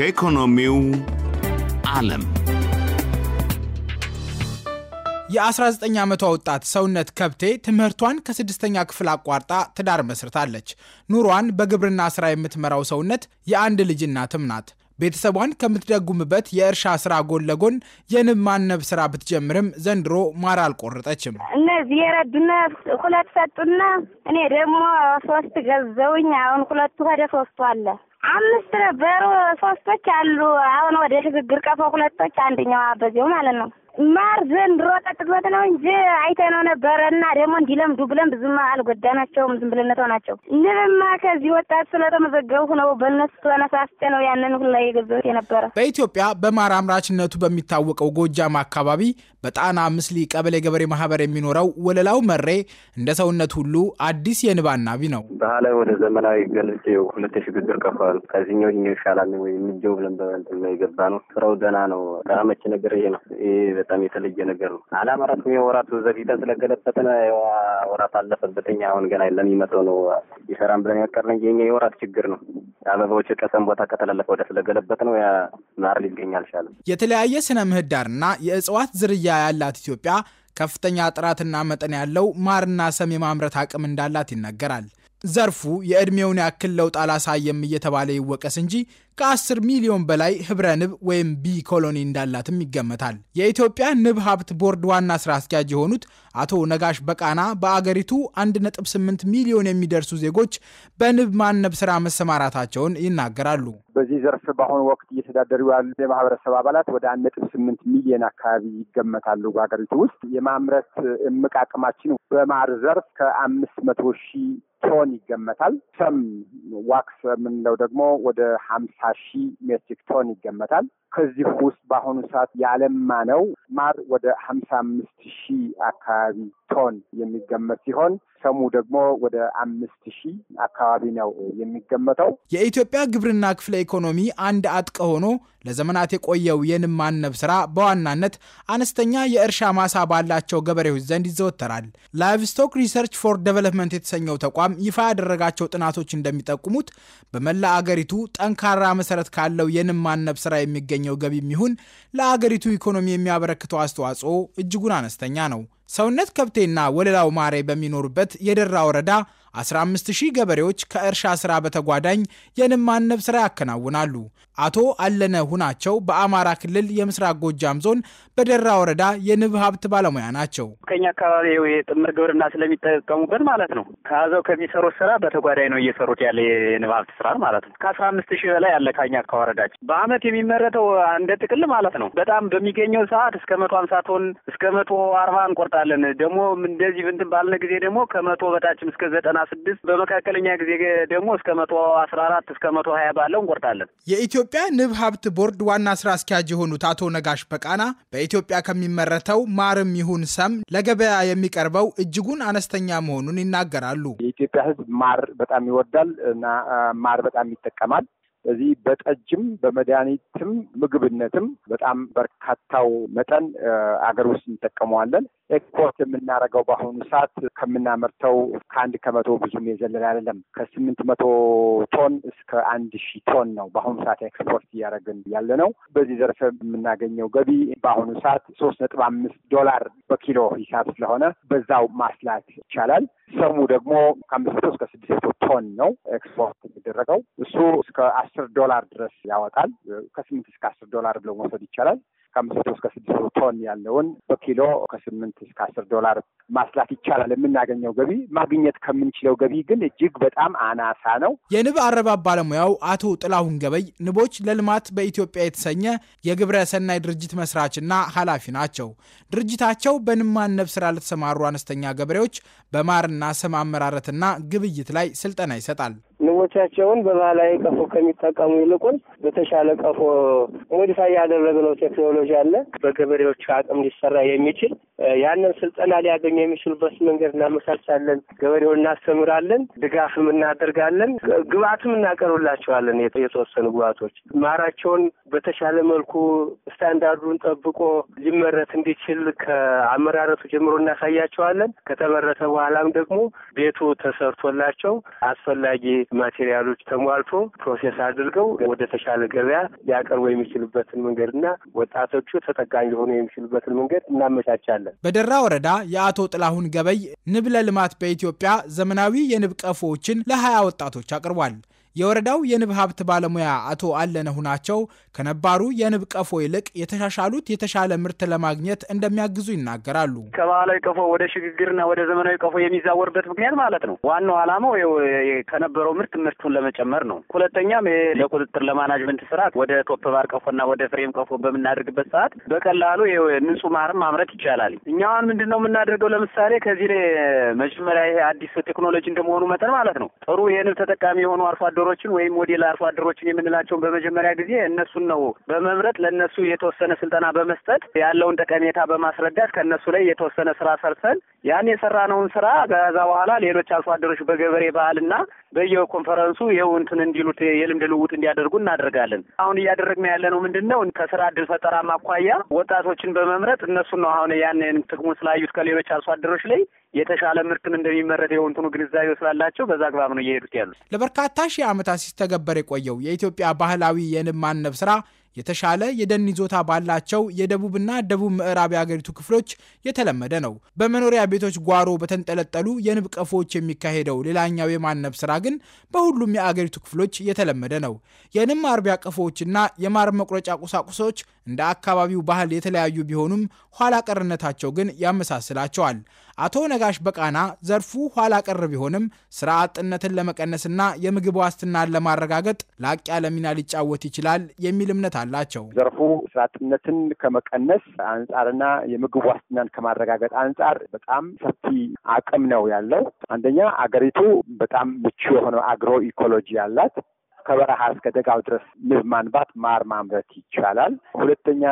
ከኢኮኖሚው ዓለም የ19 ዓመቷ ወጣት ሰውነት ከብቴ ትምህርቷን ከስድስተኛ ክፍል አቋርጣ ትዳር መስርታለች። ኑሯን በግብርና ሥራ የምትመራው ሰውነት የአንድ ልጅ እናትም ናት። ቤተሰቧን ከምትደጉምበት የእርሻ ስራ ጎን ለጎን የንብ ማነብ ስራ ብትጀምርም ዘንድሮ ማር አልቆረጠችም። እነዚህ የረዱና ሁለት ሰጡና እኔ ደግሞ ሶስት ገዘውኝ አሁን ሁለቱ ወደ ሶስቱ አለ አምስት ነበሩ ሶስቶች አሉ። አሁን ወደ ሽግግር ቀፎ ሁለቶች አንደኛዋ በዚሁ ማለት ነው። ማር ዘንድሮ ጠጥቶት ነው እንጂ አይተነው ነበረ እና ደግሞ እንዲለምዱ ብለን ብዙም አልጎዳናቸውም። ዝም ብለን ናቸው። ንብማ ከዚህ ወጣት ስለተመዘገቡ ነው በእነሱ ተነሳስቼ ነው ያንን ሁላ የገዘት የነበረ። በኢትዮጵያ በማር አምራችነቱ በሚታወቀው ጎጃም አካባቢ በጣና ምስሊ ቀበሌ ገበሬ ማህበር የሚኖረው ወለላው መሬ እንደ ሰውነት ሁሉ አዲስ የንብ አናቢ ነው። ባህላዊ ወደ ዘመናዊ ገልጭ ሁለት ሽግግር ከፋሉ። ከዚህኛው ይሻላል ወይ የሚጀው ብለን በንት የገባ ነው። ስራው ደህና ነው። ዳመች ነገር ይሄ ነው በጣም የተለየ ነገር ነው። አላማ አላማራትም። የወራቱ ዘፊተ ስለገለበጥን ወራት አለፈበትኝ። አሁን ገና ለሚመጣው ነው ይሰራን ብለን ነው የኛ የወራት ችግር ነው። አበባዎች ቀሰም ቦታ ከተላለፈ ወደ ስለገለበት ነው ማር ሊገኝ አልቻለም። የተለያየ ስነ ምህዳርና የእጽዋት ዝርያ ያላት ኢትዮጵያ ከፍተኛ ጥራትና መጠን ያለው ማርና ሰም የማምረት አቅም እንዳላት ይነገራል። ዘርፉ የዕድሜውን ያክል ለውጥ አላሳየም እየተባለ ይወቀስ እንጂ ከ10 ሚሊዮን በላይ ህብረ ንብ ወይም ቢ ኮሎኒ እንዳላትም ይገመታል። የኢትዮጵያ ንብ ሀብት ቦርድ ዋና ስራ አስኪያጅ የሆኑት አቶ ነጋሽ በቃና በአገሪቱ 1.8 ሚሊዮን የሚደርሱ ዜጎች በንብ ማነብ ስራ መሰማራታቸውን ይናገራሉ። በዚህ ዘርፍ በአሁኑ ወቅት እየተዳደሩ ያሉ የማህበረሰብ አባላት ወደ 1.8 ሚሊዮን አካባቢ ይገመታሉ። በሀገሪቱ ውስጥ የማምረት እምቅ አቅማችን በማር ዘርፍ ከአምስት መቶ ሺህ ቶን ይገመታል። ሰም ዋክስ የምንለው ደግሞ ወደ ሀምሳ ሺህ ሜትሪክ ቶን ይገመታል። ከዚህ ውስጥ በአሁኑ ሰዓት ነው ማር ወደ ሀምሳ አምስት ሺህ አካባቢ ቶን የሚገመት ሲሆን ሰሙ ደግሞ ወደ አምስት ሺህ አካባቢ ነው የሚገመተው። የኢትዮጵያ ግብርና ክፍለ ኢኮኖሚ አንድ አጥቀ ሆኖ ለዘመናት የቆየው የንብ ማነብ ስራ በዋናነት አነስተኛ የእርሻ ማሳ ባላቸው ገበሬዎች ዘንድ ይዘወተራል። ላይቭስቶክ ሪሰርች ፎር ዴቨሎፕመንት የተሰኘው ተቋም ይፋ ያደረጋቸው ጥናቶች እንደሚጠቁሙት በመላ አገሪቱ ጠንካራ መሰረት ካለው የንብ ማነብ ስራ የሚገኘው ገቢ የሚሆን ለአገሪቱ ኢኮኖሚ የሚያበረክተው አስተዋጽኦ እጅጉን አነስተኛ ነው። ሰውነት ከብቴና ወለላው ማሬ በሚኖሩበት የደራ ወረዳ 15000 ገበሬዎች ከእርሻ ስራ በተጓዳኝ የንብ ማነብ ስራ ያከናውናሉ። አቶ አለነ ሁናቸው በአማራ ክልል የምስራቅ ጎጃም ዞን በደራ ወረዳ የንብ ሀብት ባለሙያ ናቸው። ከኛ አካባቢ የጥምር ግብርና ስለሚጠቀሙበት ማለት ነው ከያዘው ከሚሰሩት ስራ በተጓዳኝ ነው እየሰሩት ያለ የንብ ሀብት ስራ ማለት ነው። ከአስራ አምስት ሺህ በላይ ያለ ከኛ ከወረዳችን በአመት የሚመረተው እንደ ጥቅል ማለት ነው። በጣም በሚገኘው ሰዓት እስከ መቶ ሀምሳ ቶን እስከ መቶ አርባ እንቆርጣለን። ደግሞ እንደዚህ ብንትን ባልነ ጊዜ ደግሞ ከመቶ በታችም እስከ ዘጠና ዘጠና ስድስት በመካከለኛ ጊዜ ደግሞ እስከ መቶ አስራ አራት እስከ መቶ ሀያ ባለው እንቆርጣለን። የኢትዮጵያ ንብ ሀብት ቦርድ ዋና ስራ አስኪያጅ የሆኑት አቶ ነጋሽ በቃና በኢትዮጵያ ከሚመረተው ማርም ይሁን ሰም ለገበያ የሚቀርበው እጅጉን አነስተኛ መሆኑን ይናገራሉ። የኢትዮጵያ ሕዝብ ማር በጣም ይወዳል እና ማር በጣም ይጠቀማል። ስለዚህ በጠጅም በመድኃኒትም ምግብነትም በጣም በርካታው መጠን አገር ውስጥ እንጠቀመዋለን። ኤክስፖርት የምናደርገው በአሁኑ ሰዓት ከምናመርተው ከአንድ ከመቶ ብዙም የዘለል አይደለም። ከስምንት መቶ ቶን እስከ አንድ ሺህ ቶን ነው በአሁኑ ሰዓት ኤክስፖርት እያደረግን ያለ ነው። በዚህ ዘርፍ የምናገኘው ገቢ በአሁኑ ሰዓት ሶስት ነጥብ አምስት ዶላር በኪሎ ሂሳብ ስለሆነ በዛው ማስላት ይቻላል። ሰሙ ደግሞ ከአምስት መቶ እስከ ስድስት መቶ ቶን ነው ኤክስፖርት የሚደረገው። እሱ እስከ አስር ዶላር ድረስ ያወጣል። ከስምንት እስከ አስር ዶላር ብለው መውሰድ ይቻላል። ከአምስት እስከ ስድስት ቶን ያለውን በኪሎ ከስምንት እስከ አስር ዶላር ማስላት ይቻላል። የምናገኘው ገቢ ማግኘት ከምንችለው ገቢ ግን እጅግ በጣም አናሳ ነው። የንብ አረባብ ባለሙያው አቶ ጥላሁን ገበይ ንቦች ለልማት በኢትዮጵያ የተሰኘ የግብረ ሰናይ ድርጅት መስራችና ኃላፊ ናቸው። ድርጅታቸው በንብ ማነብ ስራ ለተሰማሩ አነስተኛ ገበሬዎች በማርና ስም አመራረትና ግብይት ላይ ስልጠና ይሰጣል። ንቦቻቸውን በባህላዊ ቀፎ ከሚጠቀሙ ይልቁን በተሻለ ቀፎ ሞዲፋይ ያደረግነው ቴክኖሎጂ አለ። በገበሬዎች አቅም ሊሰራ የሚችል ያንን ስልጠና ሊያገኙ የሚችሉበት መንገድ እናመቻቻለን። ገበሬው እናስተምራለን፣ ድጋፍም እናደርጋለን፣ ግብአትም እናቀርብላቸዋለን። የተወሰኑ ግብአቶች ማራቸውን በተሻለ መልኩ ስታንዳርዱን ጠብቆ ሊመረት እንዲችል ከአመራረቱ ጀምሮ እናሳያቸዋለን። ከተመረተ በኋላም ደግሞ ቤቱ ተሰርቶላቸው አስፈላጊ ማቴሪያሎች ተሟልቶ ፕሮሴስ አድርገው ወደ ተሻለ ገበያ ሊያቀርቡ የሚችሉበትን መንገድ እና ወጣቶቹ ተጠቃሚ ሊሆኑ የሚችሉበትን መንገድ እናመቻቻለን። በደራ ወረዳ የአቶ ጥላሁን ገበይ ንብ ለልማት በኢትዮጵያ ዘመናዊ የንብ ቀፎዎችን ለሀያ ወጣቶች አቅርቧል። የወረዳው የንብ ሀብት ባለሙያ አቶ አለነሁ ናቸው። ከነባሩ የንብ ቀፎ ይልቅ የተሻሻሉት የተሻለ ምርት ለማግኘት እንደሚያግዙ ይናገራሉ። ከባህላዊ ቀፎ ወደ ሽግግርና ወደ ዘመናዊ ቀፎ የሚዛወርበት ምክንያት ማለት ነው ዋናው ዓላማው ከነበረው ምርት ምርቱን ለመጨመር ነው። ሁለተኛም ለቁጥጥር ለማናጅመንት ስርዓት ወደ ቶፕ ባር ቀፎና ወደ ፍሬም ቀፎ በምናደርግበት ሰዓት በቀላሉ ንጹህ ማርም ማምረት ይቻላል። እኛዋን ምንድን ነው የምናደርገው? ለምሳሌ ከዚህ መጀመሪያ ይሄ አዲስ ቴክኖሎጂ እንደመሆኑ መጠን ማለት ነው ጥሩ የንብ ተጠቃሚ የሆኑ አርሶ አደሮችን ወይም ሞዴል አርሶ አደሮችን የምንላቸውን በመጀመሪያ ጊዜ እነሱን ነው በመምረጥ ለእነሱ የተወሰነ ስልጠና በመስጠት ያለውን ጠቀሜታ በማስረዳት ከእነሱ ላይ የተወሰነ ስራ ሰርተን ያን የሰራነውን ስራ ከዛ በኋላ ሌሎች አርሶ አደሮች በገበሬ ባህልና በየኮንፈረንሱ ይኸው እንትን እንዲሉት የልምድ ልውውጥ እንዲያደርጉ እናደርጋለን። አሁን እያደረግን ያለነው ምንድን ነው? ከስራ እድል ፈጠራ ማኳያ ወጣቶችን በመምረጥ እነሱን ነው አሁን ያንን ጥቅሙን ስላዩት ከሌሎች አርሶ አደሮች ላይ የተሻለ ምርትም እንደሚመረት የሆንትኑ ግንዛቤ ስላላቸው በዛ አግባብ ነው እየሄዱት ያሉት። ለበርካታ ሺህ ዓመታት ሲተገበር የቆየው የኢትዮጵያ ባህላዊ የንብ ማነብ ስራ የተሻለ የደን ይዞታ ባላቸው የደቡብና ደቡብ ምዕራብ የአገሪቱ ክፍሎች የተለመደ ነው። በመኖሪያ ቤቶች ጓሮ በተንጠለጠሉ የንብ ቀፎዎች የሚካሄደው ሌላኛው የማነብ ስራ ግን በሁሉም የአገሪቱ ክፍሎች የተለመደ ነው። የንብ ማርቢያ ቀፎዎችና የማር መቁረጫ ቁሳቁሶች እንደ አካባቢው ባህል የተለያዩ ቢሆኑም ኋላ ቀርነታቸው ግን ያመሳስላቸዋል። አቶ ነጋሽ በቃና ዘርፉ ኋላ ቀር ቢሆንም ስራ አጥነትን ለመቀነስና የምግብ ዋስትናን ለማረጋገጥ ላቅ ያለ ሚና ሊጫወት ይችላል የሚል እምነት አለ አላቸው። ዘርፉ ስራ አጥነትን ከመቀነስ አንጻርና የምግብ ዋስትናን ከማረጋገጥ አንጻር በጣም ሰፊ አቅም ነው ያለው። አንደኛ አገሪቱ በጣም ምቹ የሆነ አግሮ ኢኮሎጂ አላት። ከበረሃ እስከ ደጋው ድረስ ንብ ማንባት፣ ማር ማምረት ይቻላል። ሁለተኛ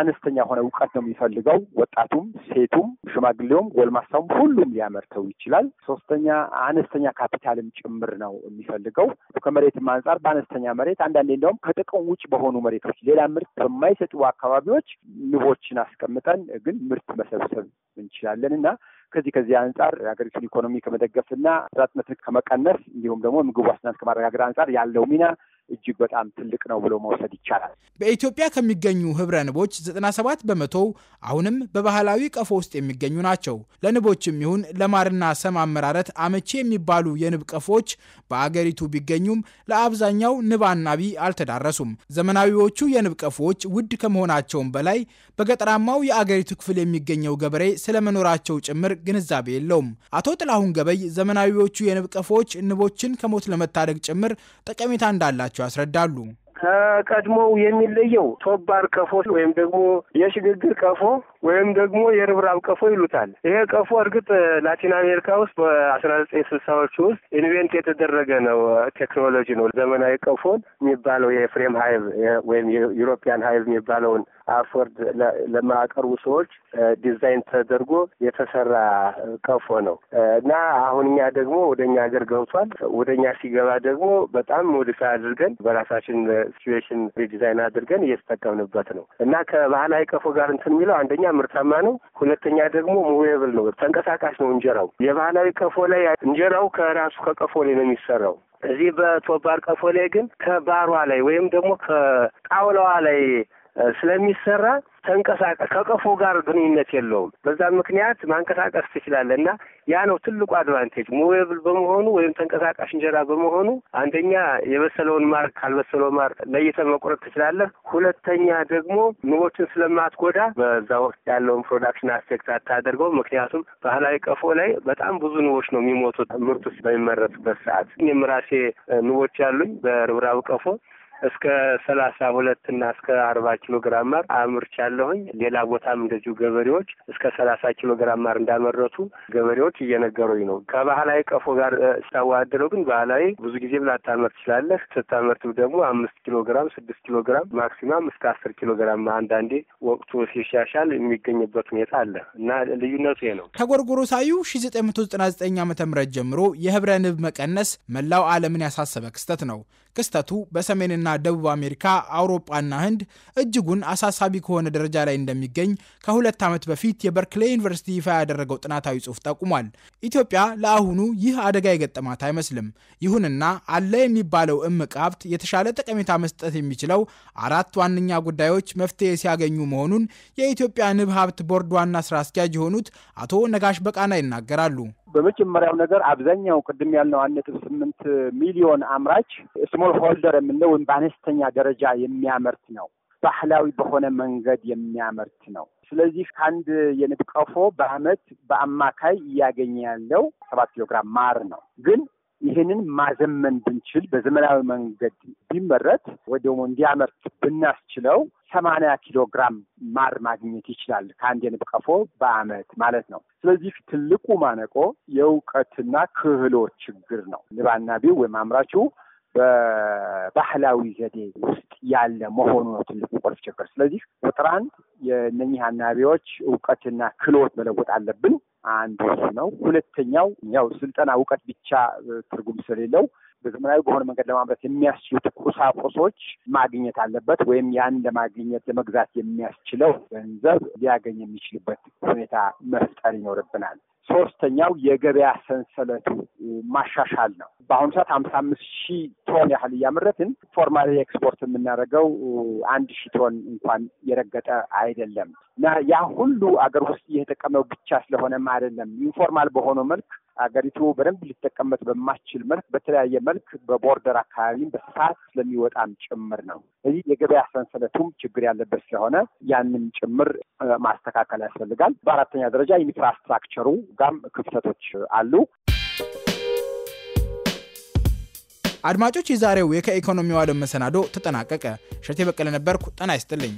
አነስተኛ የሆነ እውቀት ነው የሚፈልገው። ወጣቱም፣ ሴቱም፣ ሽማግሌውም፣ ጎልማሳውም ሁሉም ሊያመርተው ይችላል። ሶስተኛ አነስተኛ ካፒታልም ጭምር ነው የሚፈልገው። ከመሬትም አንጻር በአነስተኛ መሬት አንዳንዴ እንዲያውም ከጥቅም ውጭ በሆኑ መሬቶች ሌላ ምርት በማይሰጡ አካባቢዎች ንቦችን አስቀምጠን ግን ምርት መሰብሰብ እንችላለን እና ከዚህ ከዚህ አንጻር የሀገሪቱን ኢኮኖሚ ከመደገፍና ስርዓትነትን ከመቀነስ እንዲሁም ደግሞ ምግብ ዋስትናን ከማረጋገጥ አንጻር ያለው ሚና እጅግ በጣም ትልቅ ነው ብሎ መውሰድ ይቻላል። በኢትዮጵያ ከሚገኙ ህብረ ንቦች 97 በመቶ አሁንም በባህላዊ ቀፎ ውስጥ የሚገኙ ናቸው። ለንቦችም ይሁን ለማርና ሰም አመራረት አመቺ የሚባሉ የንብ ቀፎዎች በአገሪቱ ቢገኙም ለአብዛኛው ንብ አናቢ አልተዳረሱም። ዘመናዊዎቹ የንብ ቀፎዎች ውድ ከመሆናቸውም በላይ በገጠራማው የአገሪቱ ክፍል የሚገኘው ገበሬ ስለመኖራቸው ጭምር ግንዛቤ የለውም። አቶ ጥላሁን ገበይ ዘመናዊዎቹ የንብ ቀፎዎች ንቦችን ከሞት ለመታደግ ጭምር ጠቀሜታ እንዳላቸው ያስረዳሉ። ከቀድሞው የሚለየው ቶባር ቀፎ ወይም ደግሞ የሽግግር ቀፎ ወይም ደግሞ የርብራብ ቀፎ ይሉታል። ይሄ ቀፎ እርግጥ ላቲን አሜሪካ ውስጥ በአስራ ዘጠኝ ስልሳዎች ውስጥ ኢንቬንት የተደረገ ነው፣ ቴክኖሎጂ ነው። ዘመናዊ ቀፎን የሚባለው የፍሬም ሀይብ ወይም የዩሮፒያን ሀይብ የሚባለውን አፎርድ ለማያቀርቡ ሰዎች ዲዛይን ተደርጎ የተሰራ ቀፎ ነው እና አሁን እኛ ደግሞ ወደ እኛ ሀገር ገብቷል። ወደ እኛ ሲገባ ደግሞ በጣም ሞዲፋይ አድርገን በራሳችን ሲዌሽን ሪዲዛይን አድርገን እየተጠቀምንበት ነው እና ከባህላዊ ቀፎ ጋር እንትን የሚለው አንደኛ ምርታማ ነው፣ ሁለተኛ ደግሞ ሙዌብል ነው፣ ተንቀሳቃሽ ነው እንጀራው። የባህላዊ ቀፎ ላይ እንጀራው ከራሱ ከቀፎ ላይ ነው የሚሰራው። እዚህ በቶባር ቀፎ ላይ ግን ከባሯ ላይ ወይም ደግሞ ከጣውላዋ ላይ ስለሚሰራ ተንቀሳቀስ ከቀፎ ጋር ግንኙነት የለውም። በዛም ምክንያት ማንቀሳቀስ ትችላለህ እና ያ ነው ትልቁ አድቫንቴጅ። ሙዌብል በመሆኑ ወይም ተንቀሳቃሽ እንጀራ በመሆኑ አንደኛ የበሰለውን ማር ካልበሰለው ማር ለይተህ መቁረጥ ትችላለህ። ሁለተኛ ደግሞ ምግቦችን ስለማትጎዳ በዛ ወቅት ያለውን ፕሮዳክሽን አስፔክት አታደርገው። ምክንያቱም ባህላዊ ቀፎ ላይ በጣም ብዙ ንቦች ነው የሚሞቱት ምርቱ በሚመረትበት ሰዓት። እኔም ራሴ ንቦች ያሉኝ በርብራብ ቀፎ እስከ ሰላሳ ሁለት እና እስከ አርባ ኪሎ ግራም ማር አምርቻለሁኝ። ሌላ ቦታም እንደዚሁ ገበሬዎች እስከ ሰላሳ ኪሎ ግራም ማር እንዳመረቱ ገበሬዎች እየነገሩኝ ነው። ከባህላዊ ቀፎ ጋር ስታወዳድረው ግን ባህላዊ ብዙ ጊዜም ላታመርት ትችላለህ። ስታመርት ደግሞ አምስት ኪሎ ግራም፣ ስድስት ኪሎ ግራም ማክሲማም እስከ አስር ኪሎ ግራም አንዳንዴ ወቅቱ ሲሻሻል የሚገኝበት ሁኔታ አለ እና ልዩነቱ ይሄ ነው። ከጎርጎሮሳዩ ሺ ዘጠኝ መቶ ዘጠና ዘጠኝ ዓመተ ምህረት ጀምሮ የህብረ ንብ መቀነስ መላው ዓለምን ያሳሰበ ክስተት ነው። ክስተቱ በሰሜንና ደቡብ አሜሪካ፣ አውሮጳና ህንድ እጅጉን አሳሳቢ ከሆነ ደረጃ ላይ እንደሚገኝ ከሁለት ዓመት በፊት የበርክሌ ዩኒቨርሲቲ ይፋ ያደረገው ጥናታዊ ጽሑፍ ጠቁሟል። ኢትዮጵያ ለአሁኑ ይህ አደጋ የገጠማት አይመስልም። ይሁንና አለ የሚባለው እምቅ ሀብት የተሻለ ጠቀሜታ መስጠት የሚችለው አራት ዋነኛ ጉዳዮች መፍትሄ ሲያገኙ መሆኑን የኢትዮጵያ ንብ ሀብት ቦርድ ዋና ስራ አስኪያጅ የሆኑት አቶ ነጋሽ በቃና ይናገራሉ። በመጀመሪያው ነገር አብዛኛው ቅድም ያልነው አንድ ነጥብ ስምንት ሚሊዮን አምራች ስሞል ሆልደር የምንለው ወይም በአነስተኛ ደረጃ የሚያመርት ነው። ባህላዊ በሆነ መንገድ የሚያመርት ነው። ስለዚህ ከአንድ የንብ ቀፎ በአመት በአማካይ እያገኘ ያለው ሰባት ኪሎ ግራም ማር ነው። ግን ይህንን ማዘመን ብንችል በዘመናዊ መንገድ ቢመረት ወደሞ እንዲያመርት ብናስችለው ሰማንያ ኪሎ ግራም ማር ማግኘት ይችላል ከአንድ የንብ ቀፎ ማለት ነው። ስለዚህ ትልቁ ማነቆ የእውቀትና ክህሎት ችግር ነው። ንብ አናቢው ወይም አምራቹ በባህላዊ ዘዴ ውስጥ ያለ መሆኑ ነው ትልቁ ቁልፍ ችግር። ስለዚህ ቁጥር አንድ የእነኚህ አናቢዎች እውቀትና ክህሎት መለወጥ አለብን። አንዱ እሱ ነው። ሁለተኛው ያው ስልጠና እውቀት ብቻ ትርጉም ስለሌለው በዘመናዊ በሆነ መንገድ ለማምረት የሚያስችሉት ቁሳቁሶች ማግኘት አለበት፣ ወይም ያን ለማግኘት ለመግዛት የሚያስችለው ገንዘብ ሊያገኝ የሚችልበት ሁኔታ መፍጠር ይኖርብናል። ሶስተኛው የገበያ ሰንሰለቱ ማሻሻል ነው። በአሁኑ ሰዓት ሀምሳ አምስት ሺህ ቶን ያህል እያመረትን ፎርማል ኤክስፖርት የምናደርገው አንድ ሺህ ቶን እንኳን የረገጠ አይደለም እና ያ ሁሉ አገር ውስጥ እየተጠቀመው ብቻ ስለሆነም አይደለም ኢንፎርማል በሆነው መልክ አገሪቱ በደንብ ሊጠቀመት በማችል መልክ በተለያየ መልክ በቦርደር አካባቢም በስፋት ስለሚወጣም ጭምር ነው። እዚህ የገበያ ሰንሰለቱም ችግር ያለበት ስለሆነ ያንን ጭምር ማስተካከል ያስፈልጋል። በአራተኛ ደረጃ ኢንፍራስትራክቸሩ ጋም ክፍተቶች አሉ። አድማጮች፣ የዛሬው የከኢኮኖሚው ዓለም መሰናዶ ተጠናቀቀ። እሸቴ በቀለ ነበርኩ። ጤና ይስጥልኝ።